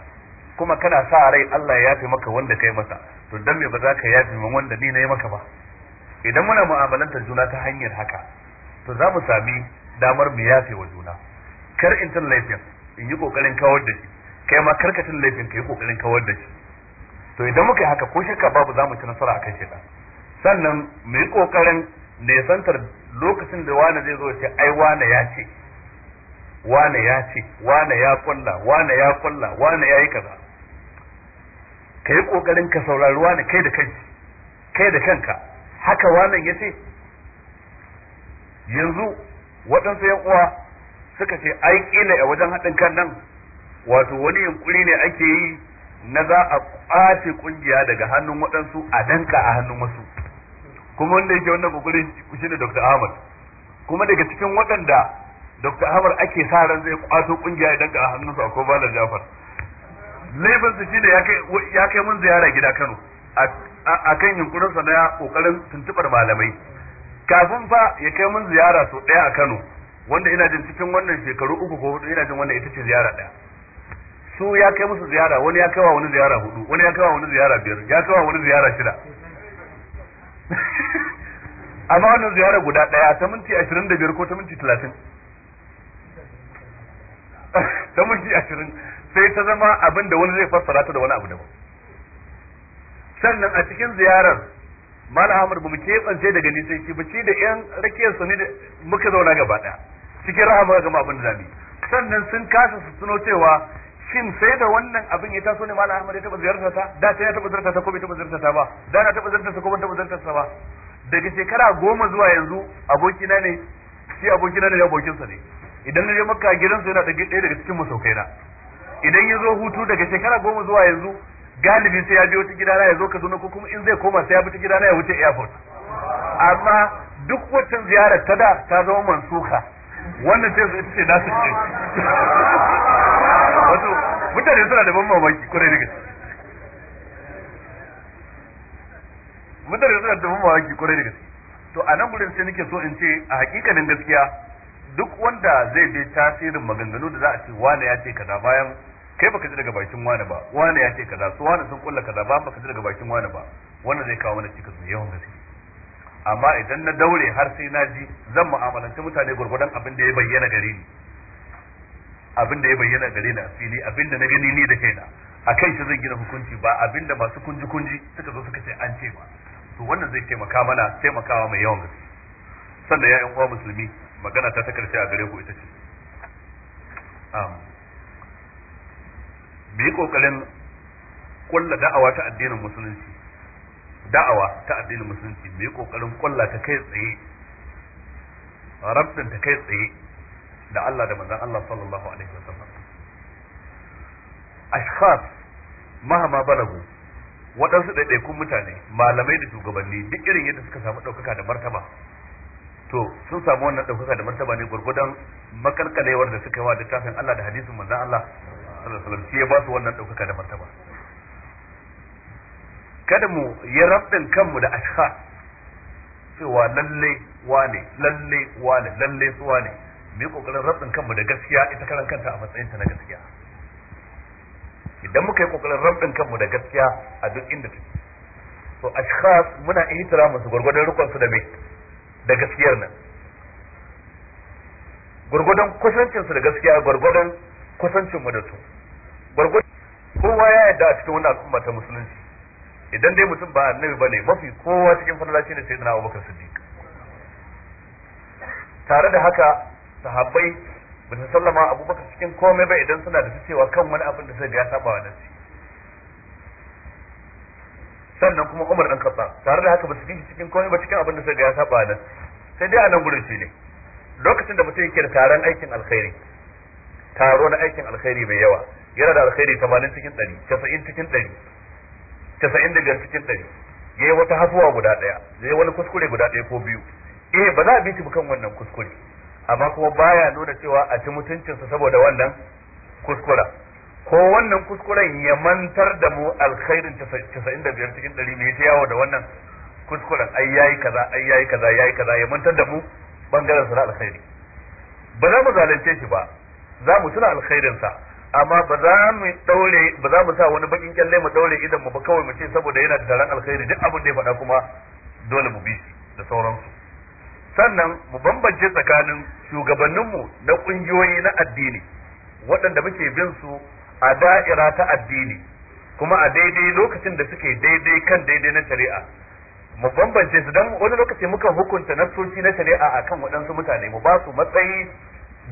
kuma kana sa rai Allah ya yafe maka wanda kai masa to dan me ba za ka yafe min wanda ni na yi maka ba idan muna mu'amalantar juna ta hanyar haka to za mu sami damar mu yafe wa juna kar in tun laifin in yi kokarin kawar da shi kai ma kar ka tun laifin ka yi kokarin kawar da shi to idan muka yi haka ko shakka babu za mu ci nasara akan shi sannan mu yi kokarin nesantar lokacin da wani zai zo ce ai wani ya ce wani ya ce wani ya kulla wani ya kulla wani ya yi kaza ka yi kokarin ka saurari wani kai da kanki kai da kanka haka wannan ya ce yanzu waɗansu yan uwa suka ce ai kila a wajen haɗin kan nan wato wani yunkuri ne ake yi na za a kwace kungiya daga hannun waɗansu a danka a hannun wasu kuma wanda yake wannan kokarin shi ne Dr. Ahmad kuma daga cikin waɗanda Dr. Ahmad ake sa ran zai kwato kungiya idan ka a hannunsu a Balar Jafar laifin su shine ya kai ya kai mun ziyara gida Kano a kan yunkurin sa na kokarin tuntubar malamai kafin fa ya kai mun ziyara so daya a Kano wanda ina jin cikin wannan shekaru uku ko hudu ina jin wannan ita ce ziyara ɗaya. su ya kai musu ziyara wani ya kai wa wani ziyara hudu wani ya kai wa wani ziyara biyar ya kai wa wani ziyara shida amma wannan ziyara guda ɗaya ta minti ashirin da biyar ko ta minti talatin ta minti ashirin sai ta zama abin da wani zai fassara ta da wani abu daban sannan a cikin ziyarar mala ahmad ba mu keɓance daga ni sai shi ba ci da yan rakiyar sani da muka zauna gaba daya cikin rahama ga gama abin sannan sun kasa su tuno cewa shin sai da wannan abin ya taso ne malam Ahmad ya taba ziyarta ta da sai ya taba ziyarta ta ko bai taba ziyarta ta ba da na taba ziyarta ta ko ban taba ziyarta ta ba daga shekara goma zuwa yanzu abokina ne shi abokina ne abokinsa ne idan na je makka gidansa yana ɗaya daga cikin masaukaina idan ya zo hutu daga shekara goma zuwa yanzu galibi sai ya biyo ta gidana ya zo Kaduna ko kuma in zai koma sai ya bi ta gidana ya wuce airport amma duk waccan ziyarar ta da ta zama mansuka wannan sai su ce nasu ce wato mutane suna da ban mamaki kwarai daga mutane suna da ban mamaki kwarai daga to a nan gurin sai nake so in ce a hakikanin gaskiya duk wanda zai bi tasirin maganganu da za a ce wane ya ce kaza bayan kai baka ji daga bakin wane ba wane ya ce kaza su wane sun kulla kaza ba baka ji daga bakin wane ba wannan zai kawo mana cikas mai yawan gaske amma idan na daure har sai na ji zan mu'amalanci mutane gurgudan abin da ya bayyana gare ni abin da ya bayyana gare ni a fili abin da na gani ni da kaina a kai shi zan gina hukunci ba abin da masu kunji kunji suka zo suka ce an ce ba to wannan zai taimaka mana taimakawa mai yawan gaske sannan ya'yan uwa musulmi magana ta ta karshe a gare ku ita ce mu yi kokarin kulla da'awa ta addinin musulunci da'awa ta addinin musulunci mai yi kokarin kulla ta kai tsaye rabdin ta kai tsaye da Allah da manzon Allah sallallahu alaihi wasallam ashkhas mahama balagu waɗansu ɗaiɗaikun mutane malamai da shugabanni duk irin yadda suka samu ɗaukaka da martaba to sun samu wannan ɗaukaka da martaba ne gwargwadon makalkalewar da suka yi wa littafin Allah da hadisin manzon Allah sallallahu alaihi wasallam shi ya ba su wannan ɗaukaka da martaba kada mu yi rabbin kanmu da ashkhas cewa lalle wane lalle wane lalle su wane mu yi kokarin rabbin kanmu da gaskiya ita karan kanta a matsayinta na gaskiya idan muka yi kokarin rabbin kanmu da gaskiya a duk inda take to ashkhas muna ihtira musu gurgurdan rukun su da me da gaskiyar nan gurgurdan kusancin su da gaskiya gurgurdan kusancin mu da su gurgurdan kowa ya yarda a cikin wannan al'umma ta musulunci idan dai mutum ba annabi ba ne mafi kowa cikin falala sai sayyidina Abubakar Siddiq tare da haka sahabbai ba su sallama Abubakar cikin komai ba idan suna da cewa kan wani abin da sai ya saba wa nasi sannan kuma Umar dan Khattab tare da haka ba su bi cikin komai ba cikin abin da sai ya saba wa nasi sai dai a nan gurin ne lokacin da mutum yake da taron aikin alkhairi taro na aikin alkhairi mai yawa yana da alkhairi 80 cikin 100 90 cikin 100 casa'in da biyar cikin ɗari ya yi wata hasuwa guda ɗaya ya yi wani kuskure guda ɗaya ko biyu eh ba za a bi kan wannan kuskure amma kuma baya nuna cewa a ci mutuncinsa saboda wannan kuskura ko wannan kuskuren ya mantar da mu alkhairin da biyar cikin ɗari mai ta yawo da wannan kuskuren ai yayi kaza ai yayi kaza yayi kaza ya mantar da mu bangaren na alkhairi ba za mu zalunce shi ba za mu tuna alkhairinsa. amma ba za mu daure ba za mu sa wani bakin kyalle mu daure idan mu ba kawai mu ce saboda yana da daren alkhairi duk abin da ya faɗa kuma dole mu bi shi da sauransu sannan mu bambance tsakanin shugabanninmu na ƙungiyoyi na addini waɗanda muke bin su a da'ira ta addini kuma a daidai lokacin da suke daidai kan daidai na shari'a mu bambance su don wani lokaci muka hukunta nasoci na shari'a akan waɗansu mutane mu ba su matsayi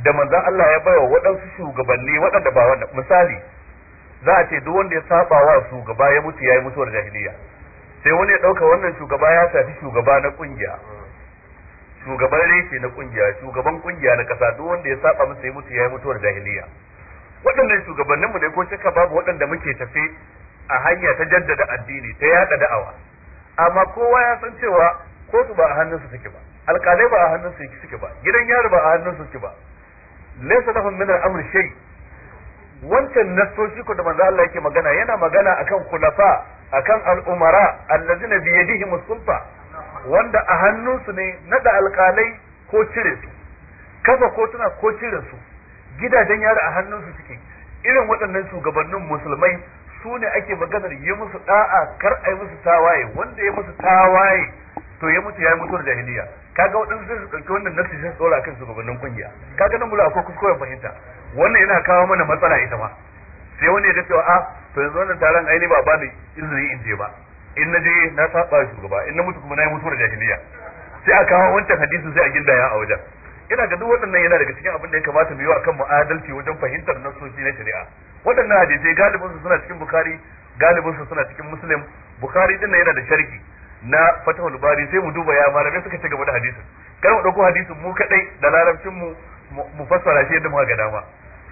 da manzon Allah ya baiwa waɗansu shugabanni waɗanda ba wanda misali za a ce duk wanda ya saba wa shugaba ya mutu yayi mutuwar jahiliya sai wani ya ɗauka wannan shugaba ya shafi shugaba na kungiya shugaban reshe na ƙungiya shugaban ƙungiya na kasa duk wanda ya saba masa ya mutu yayi mutuwar jahiliya waɗannan shugabannin mu ne ko shaka babu waɗanda muke tafe a hanya ta jaddada addini ta yada da'awa amma kowa ya san cewa kotu ba a hannunsu suke ba alƙalai ba a hannunsu suke ba gidan yari ba a hannunsu suke ba laisa lahum min al-amr shay wancan nassoshi ko da manzo Allah yake magana yana magana akan kulafa akan al-umara allazina bi yadihim as-sulta wanda a hannunsu ne nada alƙalai ko cire su kafa kotuna ko cire su gidajen yara a hannunsu suke irin waɗannan shugabannin musulmai su ne ake maganar yi musu da'a kar a yi musu tawaye wanda ya musu tawaye to ya mutu ya yi mutuwar jahiliya kaga waɗansu sai su dauki wannan nafsi sai su kan shugabannin kungiya kaga nan gula akwai kuskuren fahimta wannan yana kawo mana matsala ita ma sai wani ya ga cewa a ah, to yanzu wannan taron aini ba bani izini in je ba in na je na saba shugaba in na mutu kuma na yi mutuwar jahiliya sai a kawo wancan hadisin sai a ya a wajen ina ga duk waɗannan yana daga cikin abin da ya kamata mu yi wa kanmu adalci wajen fahimtar nasoshi na shari'a waɗannan hadisai galibin su suna cikin bukari galibin suna cikin muslim bukhari din yana da sharhi na fatahul bari sai mu duba ya malamai suka ci gaba da hadisin kar mu dauko hadisin mu kadai da larabcin mu mu fassara shi yadda muka ga dama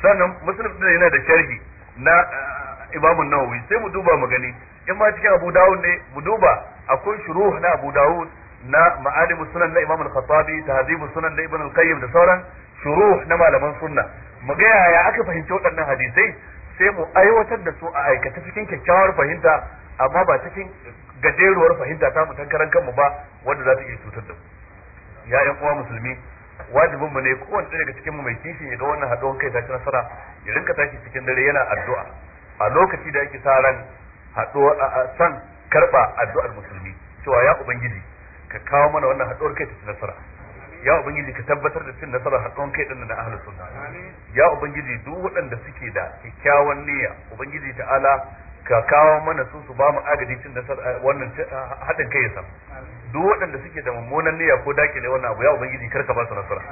sannan muslim din yana da sharhi na eh, imam an-nawawi sai mu duba mu gani in ma cikin abu dawud ne mu duba akwai shuruh na abu dawud na ma'alim sunan na imam al-khattabi tahzib sunan na ibn al-qayyim da sauran shuruh na malaman sunna mu ga yaya aka fahimci waɗannan hadisai sai mu aiwatar da su a aikata cikin kyakkyawar fahimta amma ba cikin gajeruwar fahimta ta mu karan kanmu ba wanda za ta iya cutar da mu ya yan uwa musulmi wajibin mu ne kowanne daga cikin mu mai kishin ya ga wannan haɗuwar kai ta ci nasara ya rinka tashi cikin dare yana addu'a a lokaci da ake sa ran haɗuwa a san karɓa addu'ar musulmi cewa ya ubangiji ka kawo mana wannan haɗuwar kai ta ci nasara ya ubangiji ka tabbatar da cin nasarar haɗuwar kai ɗin na ahlus suna ya ubangiji duk waɗanda suke da kyakkyawan niyya ubangiji ta'ala ka kawo mana su su ba mu agaji cin nasar wannan haɗin kai ya samu duk waɗanda suke da mummunan niyya ko dake ne wannan abu ya ubangiji karka ba su nasara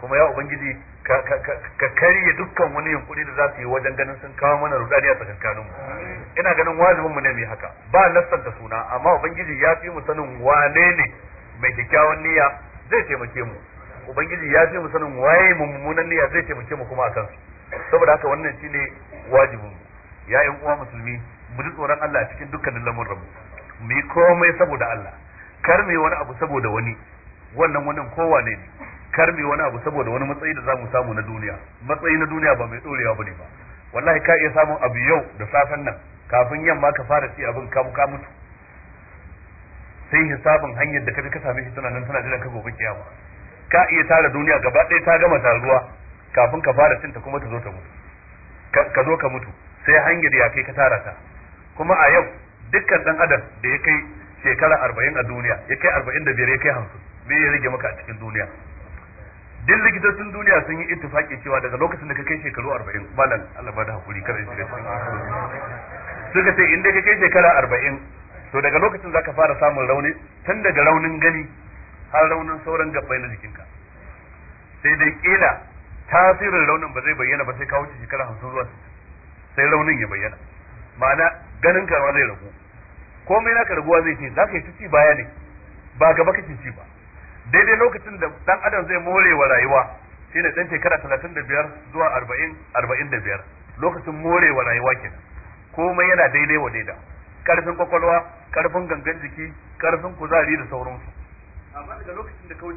kuma ya ubangiji ka karye dukkan wani yunkuri da za su yi wajen ganin sun kawo mana rudani a tsakankanin mu ina ganin wajibin mu ne mai haka ba nasanta suna amma ubangiji ya fi mu sanin wane ne mai kyakkyawan niyya zai taimake mu ubangiji ya fi mu sanin waye mummunan niyya zai taimake mu kuma akan saboda haka wannan shine wajibin mu ya yan uwa musulmi mu ji tsoron Allah cikin dukkanin lamurran mu mu yi komai saboda Allah kar mu wani abu saboda wani wannan wannan kowa ne kar mu wani abu saboda wani matsayi da zamu samu na duniya matsayi na duniya ba mai dorewa bane ba wallahi ka iya samun abu yau da safen nan kafin yamma ka fara ci abin ka ka mutu sai hisabin hanyar da kaje ka same shi tana nan tana jiran ka gobe kiyama ka iya tara duniya gaba ɗaya ta gama taruwa kafin ka fara cinta kuma ta zo ta mutu ka zo ka mutu sai hanyar ya kai ka tara ta kuma a yau dukkan dan adam da ya kai shekara arba'in a duniya ya kai arba'in da biyar ya kai hamsin me ya rage maka a cikin duniya duk likitocin duniya sun yi ittifaki cewa daga lokacin da ka kai shekaru arba'in malam Allah ba da hakuri kar in shiga cikin suka ce inda ka kai shekara arba'in to daga lokacin za ka fara samun rauni tun daga raunin gani har raunin sauran gabbai na jikinka sai dai kila tasirin raunin ba zai bayyana ba sai ka wuce shekara hamsin zuwa sittin sai raunin ya bayyana ma'ana ganin karwa zai ragu komai naka raguwa zai ce za ka yi ci baya ne ba gaba kake ci ba daidai lokacin da dan adam zai more wa rayuwa shi ne dan shekara talatin da biyar zuwa arba'in arba'in da biyar lokacin more wa rayuwa kenan komai yana daidai wa daida karfin kwakwalwa karfin gangan jiki karfin kuzari da sauransu amma daga lokacin da kawai